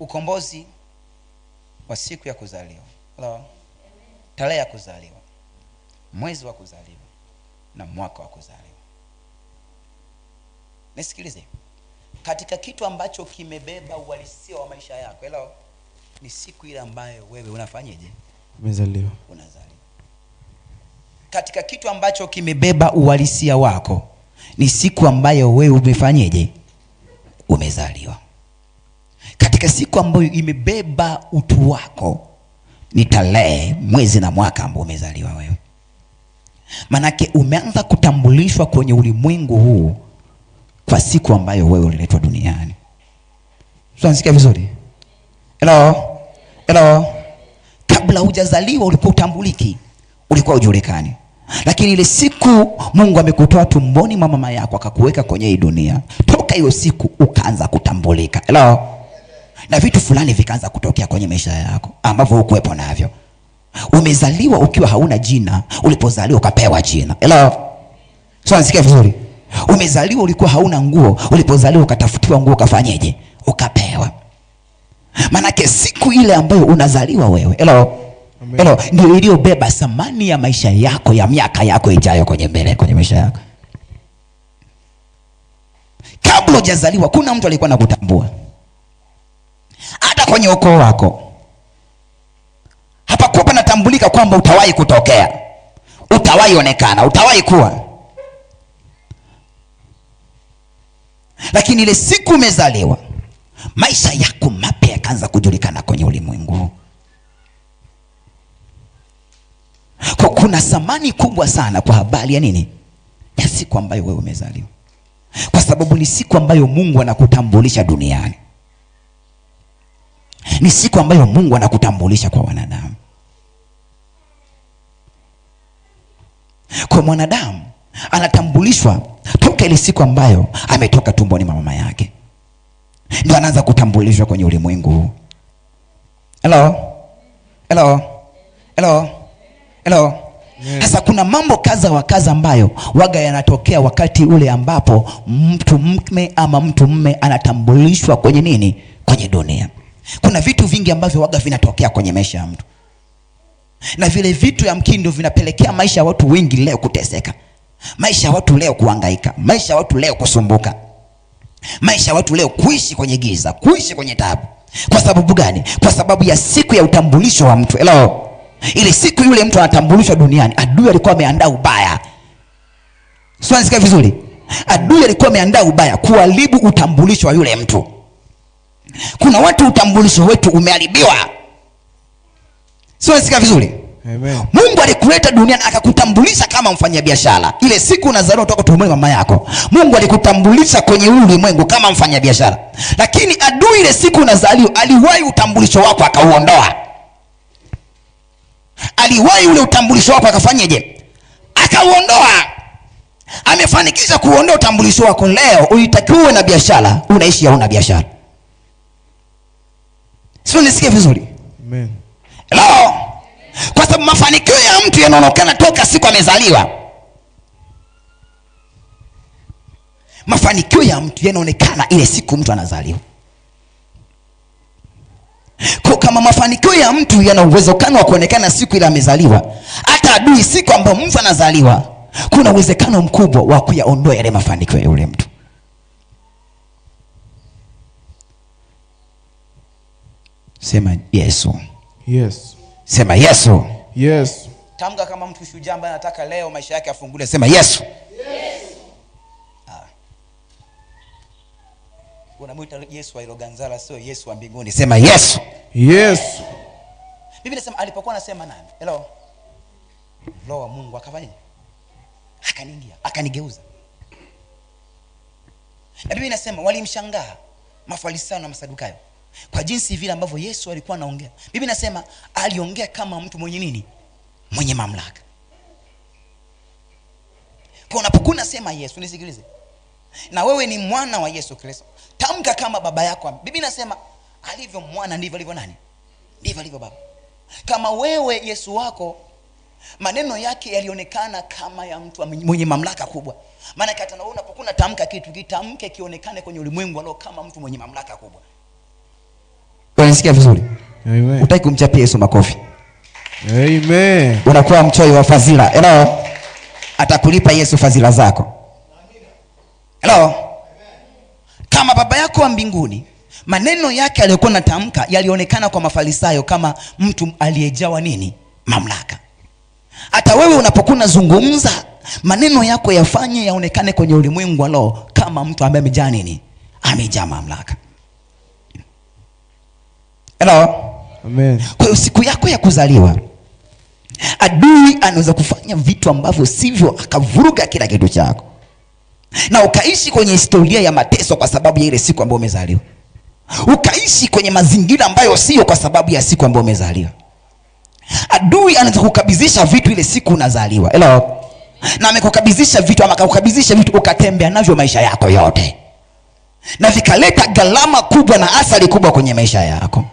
ukombozi wa siku ya kuzaliwa Hello. tarehe ya kuzaliwa mwezi wa kuzaliwa na mwaka wa kuzaliwa nisikilize katika kitu ambacho kimebeba uhalisia wa maisha yako Hello. ni siku ile ambayo wewe unafanyaje umezaliwa unazaliwa katika kitu ambacho kimebeba uhalisia wako ni siku ambayo wewe umefanyeje umezaliwa katika siku ambayo imebeba utu wako ni tarehe, mwezi na mwaka ambao umezaliwa wewe. Manake umeanza kutambulishwa kwenye ulimwengu huu kwa siku ambayo wewe uliletwa duniani. Tunasikia vizuri? Hello? Hello? Kabla hujazaliwa ulikuwa utambuliki, ulikuwa ujulikani, lakini ile siku Mungu amekutoa tumboni mwa mama yako akakuweka kwenye hii dunia, toka hiyo siku ukaanza kutambulika. Hello? na vitu fulani vikaanza kutokea kwenye maisha yako ambavyo hukuwepo navyo. Umezaliwa ukiwa hauna jina, ulipozaliwa ukapewa jina. Hello, so nasikia vizuri. Umezaliwa ulikuwa hauna nguo, ulipozaliwa ukatafutiwa nguo, ukafanyeje? Ukapewa. Maanake siku ile ambayo unazaliwa wewe, hello hello, ndio iliyobeba thamani ya maisha yako ya miaka yako ijayo kwenye mbele kwenye maisha yako. Kabla hujazaliwa kuna mtu alikuwa anakutambua kwenye ukoo wako. Hapakuwa panatambulika kwamba utawahi kutokea, utawahi onekana, utawahi kuwa. Lakini ile siku umezaliwa, maisha yako mapya yakaanza kujulikana kwenye ulimwengu. Kwa kuna thamani kubwa sana kwa habari ya nini, ya siku ambayo wewe umezaliwa, kwa sababu ni siku ambayo Mungu anakutambulisha duniani. Ni siku ambayo Mungu anakutambulisha kwa wanadamu. Kwa mwanadamu anatambulishwa toka ile siku ambayo ametoka tumboni mwa mama yake, ndio anaanza kutambulishwa kwenye ulimwengu huu. Hello, hello, hello, hello. Sasa kuna mambo kaza wa kaza ambayo waga yanatokea wakati ule ambapo mtu mme ama mtu mme anatambulishwa kwenye nini, kwenye dunia. Kuna vitu vingi ambavyo waga vinatokea kwenye maisha ya mtu, na vile vitu yamkini ndio vinapelekea maisha ya watu wengi leo kuteseka, maisha ya watu leo kuhangaika, maisha ya watu leo kusumbuka, maisha ya watu leo kuishi kwenye giza, kuishi kwenye tabu. Kwa sababu gani? Kwa sababu ya siku ya utambulisho wa mtu. Hello. Ile siku yule mtu anatambulishwa duniani, adui alikuwa ameandaa ubaya. Sio, nisikia vizuri? Adui alikuwa ameandaa ubaya kuharibu utambulisho wa yule mtu. Kuna watu utambulisho wetu umeharibiwa, sio? Nasikia vizuri? Amen. Mungu alikuleta duniani akakutambulisha kama mfanyabiashara. Ile siku unazaliwa kutoka tumboni mama yako, Mungu alikutambulisha kwenye ulimwengu kama mfanyabiashara, lakini adui ile siku unazaliwa aliwahi utambulisho wako akauondoa, aliwahi ule utambulisho wako akafanyeje? Akauondoa. Amefanikisha kuondoa utambulisho wako. Leo ulitakiwa uwe na biashara, unaishi hauna biashara Sio, nisikie vizuri. Amen. Hello. Kwa sababu mafanikio ya mtu yanaonekana toka siku amezaliwa. Mafanikio ya mtu yanaonekana ile siku mtu anazaliwa. Kwa kama mafanikio ya mtu yana uwezekano wa kuonekana siku ile amezaliwa, hata adui siku ambayo mtu anazaliwa, kuna uwezekano mkubwa wa kuyaondoa yale mafanikio ya yule mtu. Sema Yesu. Yes. Sema Yesu. Yes. Tamka kama mtu shujaa ambaye anataka leo maisha yake afungule, sema Yesu. Yes. Ah. Yesu wa iroganzala sio Yesu wa mbinguni. Sema Yesu. Yes. Biblia inasema alipokuwa anasema nani? Hello. Roho wa Mungu akafanya. akaningia akanigeuza. Na bibi nasema walimshangaa Mafarisayo na Masadukayo kwa jinsi vile ambavyo Yesu alikuwa anaongea. Bibi nasema aliongea kama mtu mwenye nini? Mwenye mamlaka. Kwa unapokuwa unasema Yesu, nisikilize, na wewe ni mwana wa Yesu Kristo, tamka kama baba yako. Bibi nasema alivyo mwana ndivyo alivyo nani? Ndivyo alivyo baba. Kama wewe Yesu wako maneno yake yalionekana kama ya mtu mwenye mamlaka kubwa. Maana hata unapokuwa unatamka kitu, kitamke kionekane kwenye ulimwengu alio kama mtu mwenye mamlaka kubwa. Unanisikia vizuri? Amen. Utaki kumchapia Yesu makofi. Amen. Unakuwa mchoyo wa fadhila. Hello. Atakulipa Yesu fadhila zako. Hello. Kama Baba yako wa mbinguni maneno yake aliyokuwa natamka yalionekana kwa Mafarisayo kama mtu aliyejawa nini? Mamlaka. Hata wewe unapokuwa unazungumza maneno yako yafanye yaonekane kwenye ulimwengu wa roho kama mtu ambaye amejaa nini? Amejaa mamlaka. Hello. Amen. Kwa hiyo siku yako ya kuzaliwa adui anaweza kufanya vitu ambavyo sivyo, akavuruga kila kitu chako na ukaishi kwenye historia ya mateso kwa sababu ya ile siku ambayo umezaliwa, ukaishi kwenye mazingira ambayo sio kwa sababu ya siku ambayo umezaliwa. Adui anaweza kukabidhisha vitu ile siku unazaliwa. Hello. Na amekukabidhisha vitu ama akakukabizisha vitu ukatembea navyo maisha yako yote, na vikaleta gharama kubwa na athari kubwa kwenye maisha yako.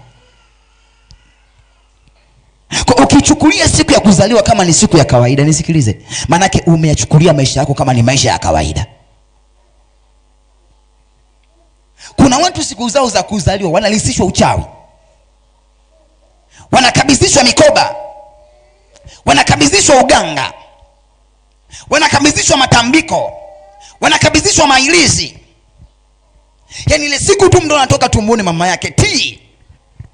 Kwa ukichukulia siku ya kuzaliwa kama ni siku ya kawaida, nisikilize, maanake umeyachukulia maisha yako kama ni maisha ya kawaida. Kuna watu siku zao za kuzaliwa wanalisishwa uchawi, wanakabidhishwa mikoba, wanakabidhishwa uganga, wanakabidhishwa matambiko, wanakabidhishwa mailizi. Yaani ile siku tu mtu anatoka tumboni mama yake ti,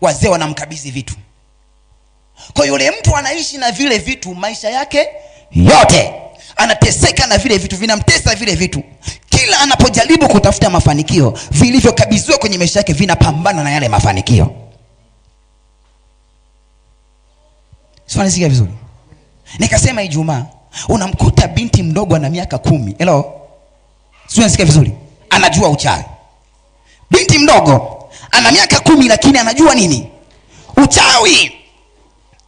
wazee wanamkabidhi vitu kwa yule mtu anaishi na vile vitu maisha yake yote, anateseka na vile vitu, vinamtesa vile vitu. Kila anapojaribu kutafuta mafanikio, vilivyokabidhiwa kwenye maisha yake vinapambana na yale mafanikio. Sikia vizuri, nikasema Ijumaa unamkuta binti mdogo ana miaka kumi. Hello, sikia vizuri, anajua uchawi. Binti mdogo ana miaka kumi, lakini anajua nini? Uchawi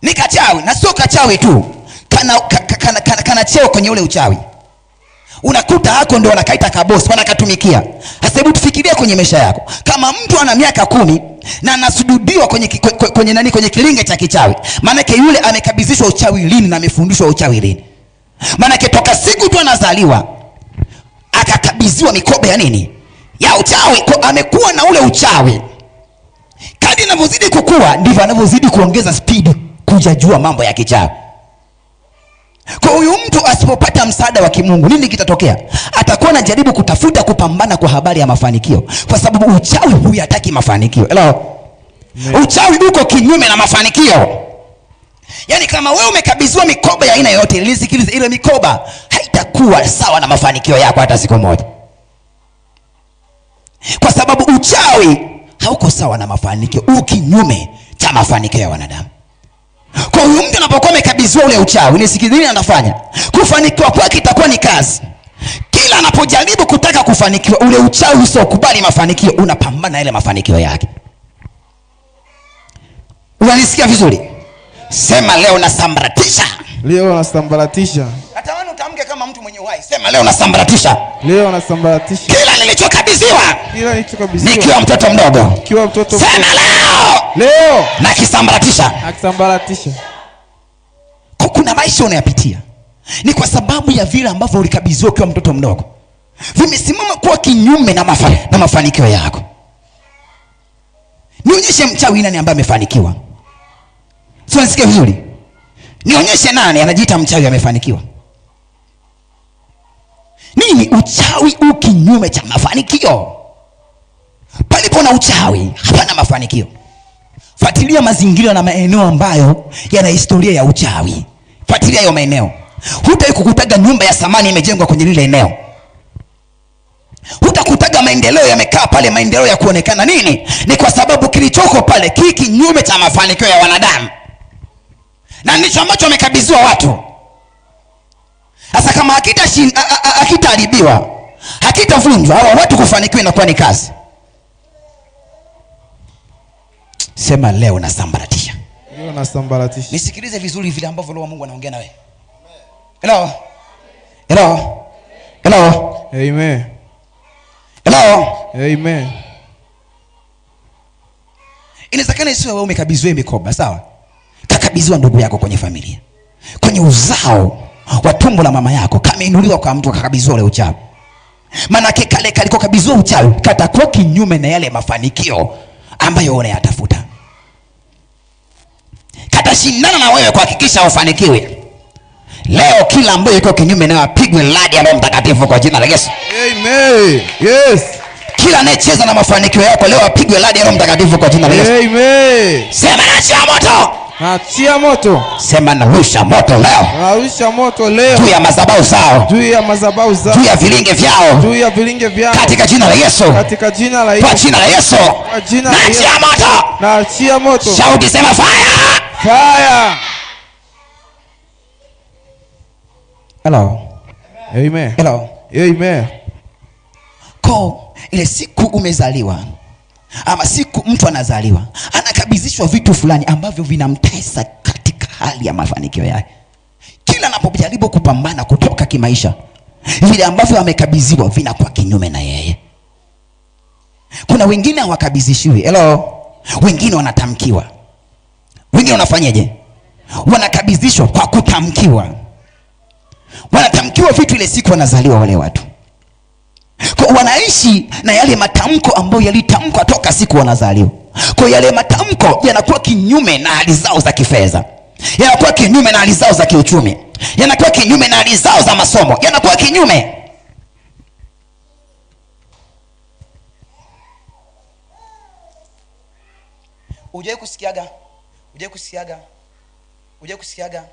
ni kachawi na sio kachawi tu, kana, kana, kana, kana kana cheo kwenye ule uchawi. Unakuta hako ndo anakaita kabosi, wanakatumikia. Sasa hebu tufikirie kwenye maisha yako, kama mtu ana miaka kumi na anasujudiwa kwenye, kwenye, kwenye, nani, kwenye kilinge cha kichawi, maanake yule amekabidhishwa uchawi lini na amefundishwa uchawi lini? Maanake toka siku tu anazaliwa akakabidhiwa mikoba ya nini, ya uchawi. Kwa amekuwa na ule uchawi, Kadi anavyozidi kukua ndivyo anavyozidi kuongeza spidi hatujajua mambo ya kichaa. Kwa huyu mtu asipopata msaada wa kimungu, nini kitatokea? Atakuwa anajaribu kutafuta kupambana kwa habari ya mafanikio, kwa sababu uchawi huyataki mafanikio. Hello? Uchawi uko kinyume na mafanikio. Yaani, kama wewe umekabidhiwa mikoba ya aina yoyote, nilisikiliza, ile mikoba haitakuwa sawa na mafanikio yako hata siku moja, kwa sababu uchawi hauko sawa na mafanikio, kinyume cha mafanikio ya wanadamu. Kwa huyu mtu anapokuwa amekabidhiwa ule uchawi, nini anafanya kufanikiwa kwake itakuwa ni kazi. Kila anapojaribu kutaka kufanikiwa, ule uchawi usiokubali mafanikio unapambana na ile mafanikio yake. Unanisikia vizuri? Sema leo nasambaratisha, leo nasambaratisha. Natamani utamke kama mwenye uhai. Sema leo nasambaratisha. Leo nasambaratisha. Kila nilichokabidhiwa. Kila nilichokabidhiwa. Nikiwa mtoto mdogo. Nikiwa mtoto mdogo. Sema leo. Leo nakisambaratisha. Nakisambaratisha. Kuna maisha unayapitia ni kwa sababu ya vile ambavyo ulikabidhiwa ukiwa mtoto mdogo, vimesimama kuwa kinyume na, mafa, na mafanikio yako. Nionyeshe mchawi nani ambaye amefanikiwa. Sio, nisikie vizuri. Nionyeshe nani anajiita mchawi amefanikiwa nini? Uchawi u kinyume cha mafanikio. Palipo na uchawi hapana mafanikio. Fuatilia mazingira na maeneo ambayo yana historia ya uchawi. Fuatilia hayo maeneo, hutai kukutaga nyumba ya samani imejengwa kwenye lile eneo hutakutaga maendeleo yamekaa pale, maendeleo ya kuonekana nini? Ni kwa sababu kilichoko pale ki kinyume cha mafanikio ya wanadamu, na ndicho ambacho wamekabidhiwa watu. Sasa kama hakitaharibiwa hakitavunjwa, hawa watu kufanikiwa inakuwa ni kazi. Sema leo nasambaratisha, leo nasambaratisha. Nisikilize vizuri vile ambavyo Roho Mungu anaongea nawe. Hello, hello, hello, amen, hello, amen. Inawezekana isiwe wewe umekabidhiwa mikoba, sawa, kakabidhiwa ndugu yako kwenye familia, kwenye uzao wa tumbo la mama yako kameinuliwa kwa mtu akakabidhiwa ule uchawi. Manake kale kaliko kabidhiwa uchawi katakuwa kinyume na yale mafanikio ambayo unayatafuta, katashindana na wewe kuhakikisha ufanikiwe. Leo kila ambayo iko kinyume nayo apigwe radi ya Roho Mtakatifu kwa jina la Yesu. Amen. Yes. Kila anayecheza na mafanikio yako leo apigwe radi ya Roho Mtakatifu kwa jina la Yesu. Amen. Sema, nasi moto Natia moto. Sema nawisha moto leo. Nawisha moto leo. Juu ya madhabahu zao. Juu ya madhabahu zao. Juu ya vilinge vyao. Juu ya vilinge vyao. Katika jina la Yesu. Katika jina la Yesu. Kwa jina la Yesu. Kwa jina la Yesu. Natia moto. Natia moto. Shauki sema fire. Fire. Hello. Amen. Hello. Amen. Ko ile siku umezaliwa ama siku mtu anazaliwa anakabidhishwa vitu fulani ambavyo vinamtesa katika hali ya mafanikio yake. Kila anapojaribu kupambana kutoka kimaisha, vile ambavyo amekabidhiwa vinakuwa kinyume na yeye. Kuna wengine hawakabidhishiwi, hello, wengine wanatamkiwa, wengine wanafanyaje? Wanakabidhishwa kwa kutamkiwa, wanatamkiwa vitu ile siku wanazaliwa wale watu kwa wanaishi na yale matamko ambayo yalitamkwa toka siku wanazaliwa. Kwa yale matamko yanakuwa kinyume na hali zao za kifedha, yanakuwa kinyume na hali zao za kiuchumi, yanakuwa kinyume na hali zao za masomo, yanakuwa kinyume Ujai kusikiaga ujai kusikiaga ujai kusikiaga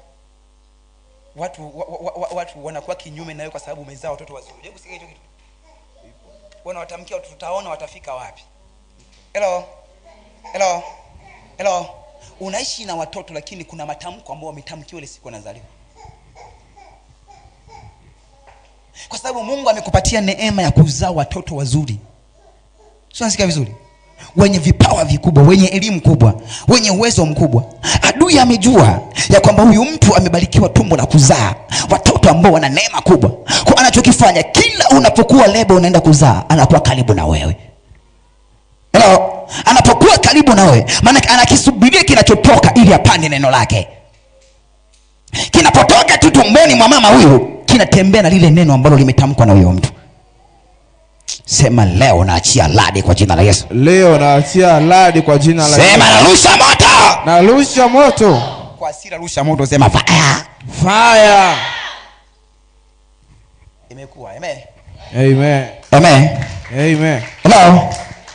watu wa, wa, wa, watu wanakuwa kinyume nawe kwa sababu umezaa watoto wazuri. Ujai kusikia hicho kitu? unawatamkia tutaona watafika wapi. Hello. Hello. Hello. Unaishi na watoto lakini kuna matamko ambayo wametamkiwa ile siku wanazaliwa, kwa sababu Mungu amekupatia neema ya kuzaa watoto wazuri. Sio, nasikia vizuri? wenye vipawa vikubwa, wenye elimu kubwa, wenye uwezo mkubwa. Adui amejua ya, kwamba huyu mtu amebarikiwa tumbo la kuzaa watoto ambao wana neema kubwa, kwa anachokifanya kila unapokuwa lebo unaenda kuzaa, anakuwa karibu na wewe Hello? Anapokuwa karibu na wewe, maana anakisubiria kinachotoka ili apande neno lake. Kinapotoka tu tumboni mwa mama huyu, kinatembea na lile neno ambalo limetamkwa na huyo mtu. Sema leo naachia radi kwa jina la Yesu. Leo naachia radi kwa jina la Yesu. Sema narusha moto. Narusha moto. Kwa hasira rusha moto sema fire. Fire. Imekuwa. Amen. Amen. Amen. Amen. Hello.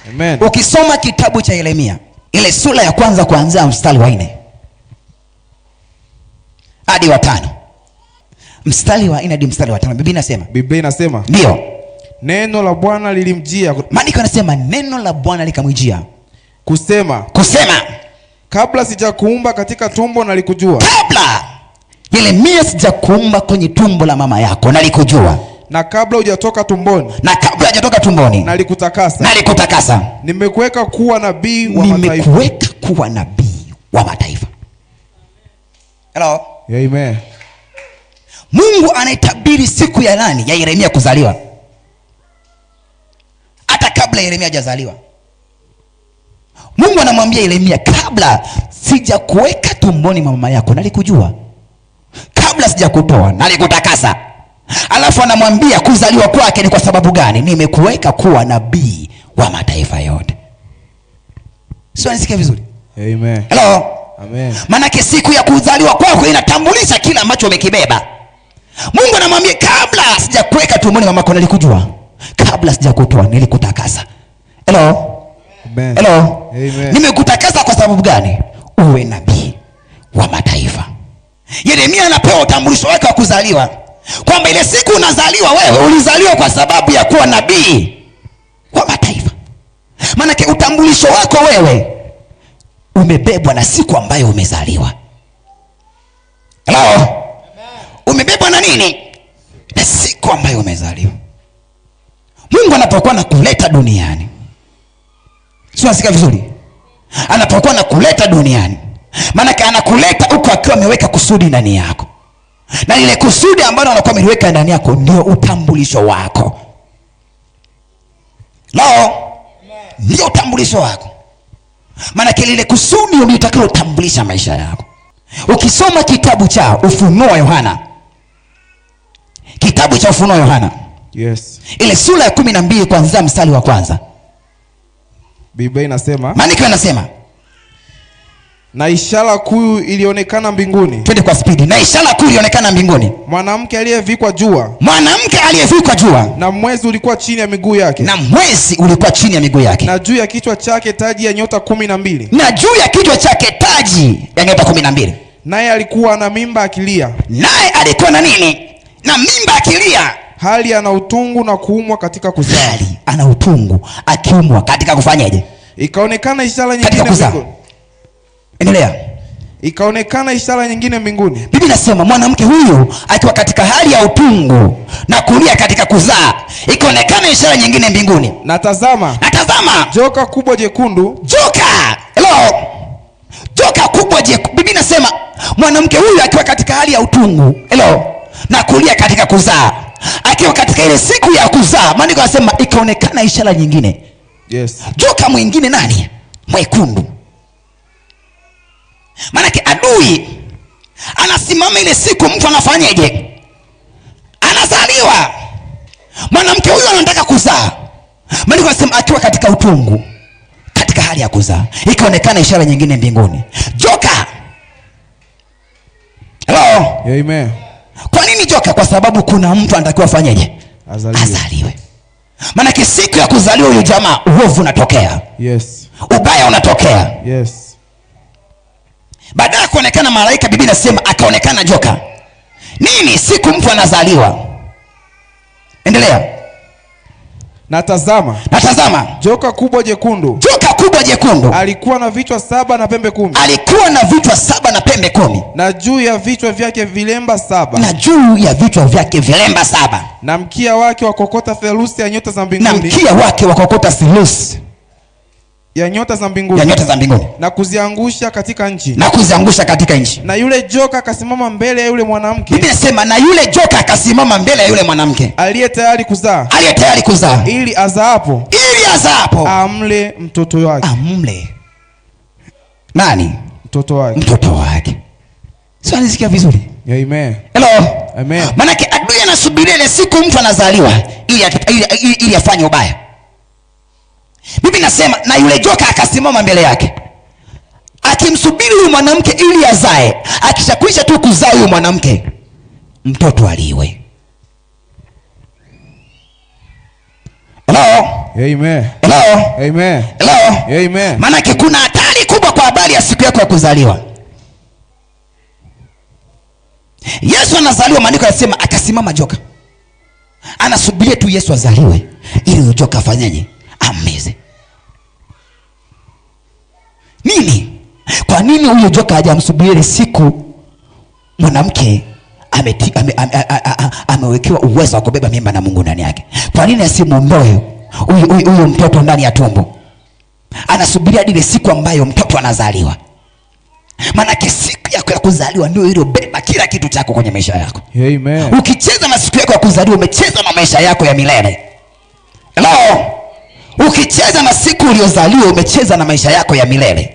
Amen. Ukisoma kitabu cha Yeremia ile sura ya kwanza kuanzia mstari wa nne hadi wa tano. Mstari wa nne hadi mstari wa tano. Biblia inasema. Biblia inasema. Ndio. Neno la Bwana lilimjia. Maandiko anasema neno la Bwana likamjia kusema, kusema kabla sijakuumba katika tumbo nalikujua, kabla Yeremia sijakuumba kwenye tumbo la mama yako nalikujua na kabla hujatoka tumboni na kabla hujatoka tumboni nalikutakasa, nalikutakasa, nimekuweka kuwa nabii wa mataifa, nimekuweka kuwa nabii wa mataifa. Hello, amen. Mungu anaitabiri siku ya nani? Ya Yeremia kuzaliwa kabla Yeremia hajazaliwa. Mungu anamwambia Yeremia, kabla sijakuweka tumboni mwa mama yako nalikujua, kabla sijakutoa nalikutakasa. Alafu anamwambia kuzaliwa kwake ni kwa sababu gani? Nimekuweka kuwa nabii wa mataifa yote. Sio, nisikia vizuri? Amen. Hello. Amen. Maanake siku ya kuzaliwa kwako inatambulisha kila ambacho umekibeba. Mungu anamwambia kabla sijakuweka tumboni mwa mama yako nalikujua kabla sijakutoa nilikutakasa. Hello. Amen. Hello. Amen. Nimekutakasa kwa sababu gani? Uwe nabii wa mataifa. Yeremia anapewa utambulisho wake wa kuzaliwa, kwamba ile siku unazaliwa wewe ulizaliwa kwa sababu ya kuwa nabii wa mataifa. Maanake utambulisho wako wewe umebebwa na siku ambayo umezaliwa. Hello. Umebebwa na nini? Na siku ambayo umezaliwa. Mungu anapokuwa nakuleta duniani, sio asika vizuri, anapokuwa nakuleta duniani, maanake anakuleta huko akiwa ameweka kusudi ndani yako, na lile kusudi ambalo anakuwa ameliweka ndani yako ndio utambulisho wako. Leo ndio utambulisho wako, maanake lile kusudi uliotakiwa utambulisha maisha yako. Ukisoma kitabu cha Ufunuo Yohana, kitabu cha Ufunuo Yohana Yes. Ile sura ya kumi na mbili kuanzia mstari wa kwanza Biblia inasema, maandiko yanasema na ishara kuu ilionekana mbinguni. Twende kwa spidi. Na ishara kuu ilionekana mbinguni, mwanamke aliyevikwa jua, mwanamke aliyevikwa jua, na mwezi ulikuwa chini ya miguu yake, na mwezi ulikuwa chini ya miguu yake, na juu ya kichwa chake taji ya nyota kumi na mbili, na juu ya kichwa chake taji ya nyota kumi na mbili. Naye alikuwa na mimba akilia, naye alikuwa na nini? Na mimba akilia hali ana utungu na kuumwa katika kuzaa. Hali ana utungu akiumwa katika kufanyaje? Ikaonekana ishara nyingine mbinguni. Endelea. Ikaonekana ishara nyingine mbinguni. Biblia inasema mwanamke huyo akiwa katika hali ya utungu na kulia katika kuzaa, ikaonekana ishara nyingine mbinguni. Natazama. Natazama. joka kubwa jekundu, joka hello, joka kubwa jekundu. Biblia inasema mwanamke huyu akiwa katika hali ya utungu hello, na kulia katika kuzaa akiwa katika ile siku ya kuzaa, maandiko yanasema ikaonekana ishara nyingine, yes. Joka mwingine nani? Mwekundu. Maanake adui anasimama ile siku, mtu anafanyaje? Anazaliwa. Mwanamke huyu anataka kuzaa, maandiko yanasema akiwa katika utungu, katika hali ya kuzaa, ikaonekana ishara nyingine mbinguni, joka. Hello. Amen. Kwa nini joka? Kwa sababu kuna mtu anatakiwa afanyeje? Azaliwe, azaliwe. Maanake siku ya kuzaliwa huyu jamaa uovu unatokea, yes. Ubaya unatokea, yes. baadaye ya kuonekana malaika, bibi nasema akaonekana joka. Nini? Siku mtu anazaliwa. Endelea. Natazama, natazama joka kubwa jekundu, joka kubwa jekundu alikuwa na vichwa saba na pembe kumi, alikuwa na vichwa kumi na juu ya vichwa vyake vilemba saba na juu ya vichwa vyake vilemba saba na mkia wake wakokota theluthi ya nyota za mbinguni na mkia wake wakokota theluthi ya nyota za mbinguni ya nyota za mbinguni na kuziangusha katika nchi na kuziangusha katika nchi. Na yule joka akasimama mbele ya yule mwanamke, Biblia nasema na yule joka akasimama mbele ya yule mwanamke aliye tayari kuzaa, aliye tayari kuzaa, ili azaapo, ili azaapo amle mtoto wake, amle nani? Mtoto wake, mtoto wake. Sio nisikia vizuri. Amen. Hello. Amen. Manake adui anasubiria ile siku mtu anazaliwa ili ili, ili afanye ubaya. Mimi nasema na yule joka akasimama mbele yake akimsubiri huyu mwanamke ili azae. Akishakwisha tu kuzaa huyu mwanamke, mtoto aliwe. Hello. Amen. Hello. Amen. Hello. Amen. Manake kuna hatari kubwa kwa habari ya siku yako ya kuzaliwa. Yesu anazaliwa, maandiko yanasema akasimama joka, anasubiria tu Yesu azaliwe ili joka afanyaje? Ameze nini? Kwa nini huyo joka hajamsubiri siku mwanamke amewekewa ame, ame, ame, ame uwezo wa kubeba mimba na Mungu ndani yake? Kwa nini asimwondoe huyo mtoto ndani ya tumbo? Anasubiria ile siku ambayo mtoto anazaliwa, maanake siku yako ya kuzaliwa ndio iliyobeba kila kitu chako kwenye maisha yako. Amen. Ukicheza na siku yako ya kuzaliwa umecheza na maisha yako ya milele. Hello. Ukicheza na siku uliyozaliwa umecheza na maisha yako ya milele.